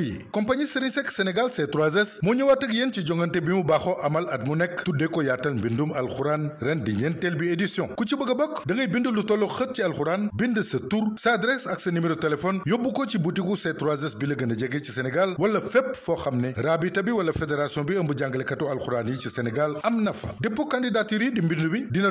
yi compagnie Serigne Sénégal c moo ñëwaat ak yéen ci jongante bi mu baaxoo amal at mu nekk tuddee ko yaatal mbindum alxuraan ren di ñeenteel bi édition ku ci bëgg a bokk da ngay bind lu tollu xët ci alxuraan bind sa tur sa adresse ak sa numéro téléphone yóbbu ko ci butigu c bi la gën a jege ci Sénégal wala fépp foo xam ne raabita bi wala fédération bi ëmb jàngalekatu alxuraan yi ci Sénégal am na fa dépôt candidature yi di mbind bi dina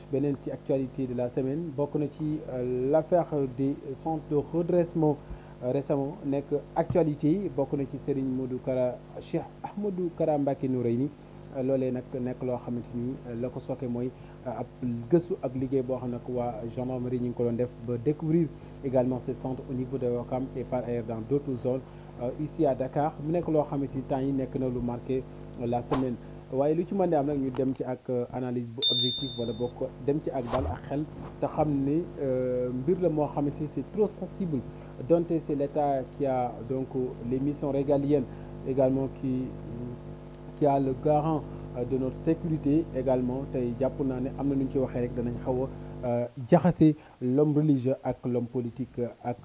beneen ci actualité de la semaine bokk na ci euh, l'affaire des centres de redressement euh, récemment nekk actualité yi bokk na ci Serigne Modou Kara Cheikh Ahmadou Kara Mbacké Noreyni euh, loolee nag nekk loo xamante ni la ko sooke mooy ab gëstu ak liggéey boo xam ne waa gendarmerie ñu ngi ko doon def ba découvrir également ces centres au niveau de Ouakam et par ailleurs dans d'autres zones ici à Dakar mu nekk loo xamante ni temps yi nekk na lu marqué la semaine waaye lu ci man de am nag ñu dem ci ak euh, analyse bu objectif wala bokk ko dem ci ak daal ak xel te xam ni euh, mbir la moo xamante ni c'est trop sensible donte c'est l'État qui a donc euh, les missions régaliennes également qui qui a le garant de notre sécurité également tey jàpp naa ne am na nu ñu ci waxee rek danañ xaw a jaxase l'homme religieux ak l'homme politique ak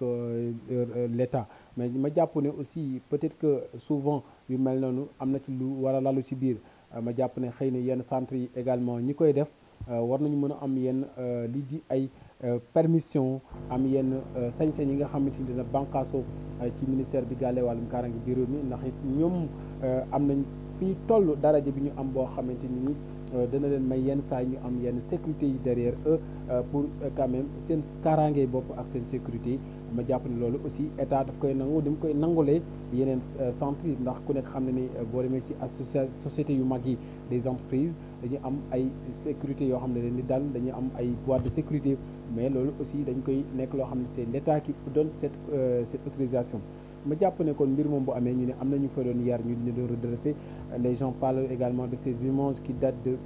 l'État mais ma jàpp ne aussi peut-être que souvent yu mel noonu am na ci lu war a lalu ci biir Euh, ma jàpp na xëy na yenn centre yi également ñi koy def euh, war nañu mën a am yenn euh, li di ay permission am yenn sañ-sañ yi nga xamante ni dina bànqaasoo ci ministère bi gàllee wàllum kaaraange bi réew mi ndax it ñoom am nañ fi ñu toll daraja bi ñu am boo xamante nii Euh, dana leen may yenn saa ñu am yenn sécurité yu derrière eux euh, pour euh, quand même seen kaaraange bopp ak seen sécurité ma jàpp ne loolu aussi état daf koy nangu dama koy nangulee yeneen centre ndax ku nekk xam ne ni boo demee si associa société yu mag yi des entreprises dañu am ay sécurité yoo xam ne leen di daal dañu am ay boîte de sécurité mais loolu aussi dañ koy nekk loo xam ne c'est l'État qui donne cette cette autorisation ma jàpp ne kon mbir moom bu amee ñu ne am na ñu fa doon yar ñu ne doon redressé les gens parlent également de ces images qui datent de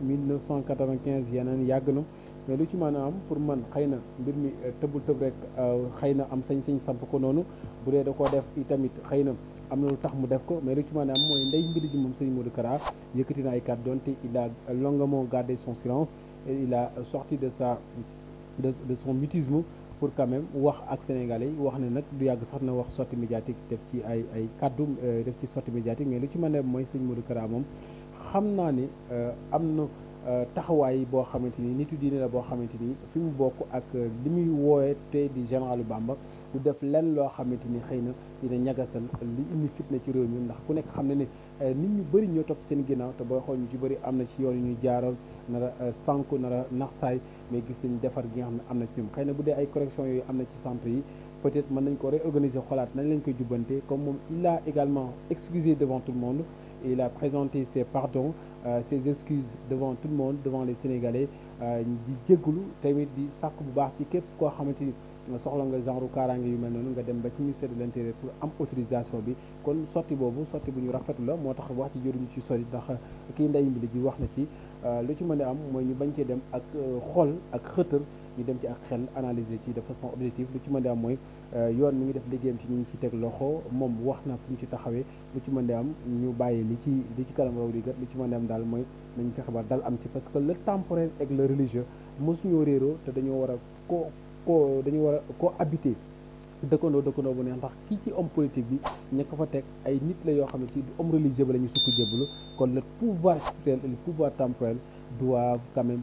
yeneen yàgg na mais lu ci maanaam pour man xëy na mbir mi euh, tëbul tëb rek euh, xëy na am sañ-sañ samp ko noonu bu dee da koo def itamit xëy na am na lu tax mu def ko mais lu ci maanaam mooy ndey mbir ji moom Serigne Modou Kara yëkkati na ay kàddu donte il a longuement gardé son silence et il sorti de sa de, de son mutisme pour quand même wax ak sénégalais yi wax ne nag du yàgg sax na wax sortie médiatique def ci ay ay kàddu euh, def ci sortie médiatique mais lu ci mën a mooy sëñ Modou Kara moom xam naa ni euh, am na Euh, taxawaay boo xamante ni nitu diine la boo xamante ni fi mu bokk ak euh, li muy woowe tey di généralu Bamba du def lenn loo xamante ni xëy na dina ñagasal li indi fitna ci réew mi ndax ku nekk xam ne ne euh, nit ñu bëri ñoo topp seen ginnaaw te booy xool ñu ci bëri am na ci yoon yu ñuy jaaral nara na nara naxsaay mais gis nañ defar gi xam ne am na ci ñoom xëy na bu dee ay correction yooyu am na ci centre yi peut-être mën nañ ko réorganiser xolaat nañ lañ koy jubbante comme moom il a également excusé devant tout le il a présenté ses pardons euh, ses excuses devant tout le monde devant les Sénégalais euh, di jégalu tamit di sàkk bu baax ci képp koo xamante ni soxla nga genre kaaraange yu mel noonu nga dem ba ci ministère de l'intérieur pour am autorisation bi kon sotti boobu sotti bu ñu rafetlu la moo tax wax ci jëruñu ci sori ndax kii ndey mbi di ji wax na ci euh, lu ci mën a am mooy ñu bañ cee dem ak xol ak xëtër ñu dem ci ak xel analyser ci de façon objective lu ci mën di am mooy euh, yoon mi ngi def liggéeyam ci ñu ngi ci teg loxo moom wax na fu mu ci taxawee lu ci mën di am ñu bàyyi li ci li ci kanam raw di gat lu ci mën di am daal mooy nañ fexe ba dal am ci parce que le temporel ak le religieux mosuñoo réeroo te dañoo war a ko ko dañoo war a ko habité dëkkandoo dëkkandoo bu neex ndax kii ci homme politique bi ñekk ko fa teg ay nit la yoo xam ne ci homme religieux bi la ñu sukk jébbalu kon le pouvoir spirituel et le pouvoir temporel doivent quand même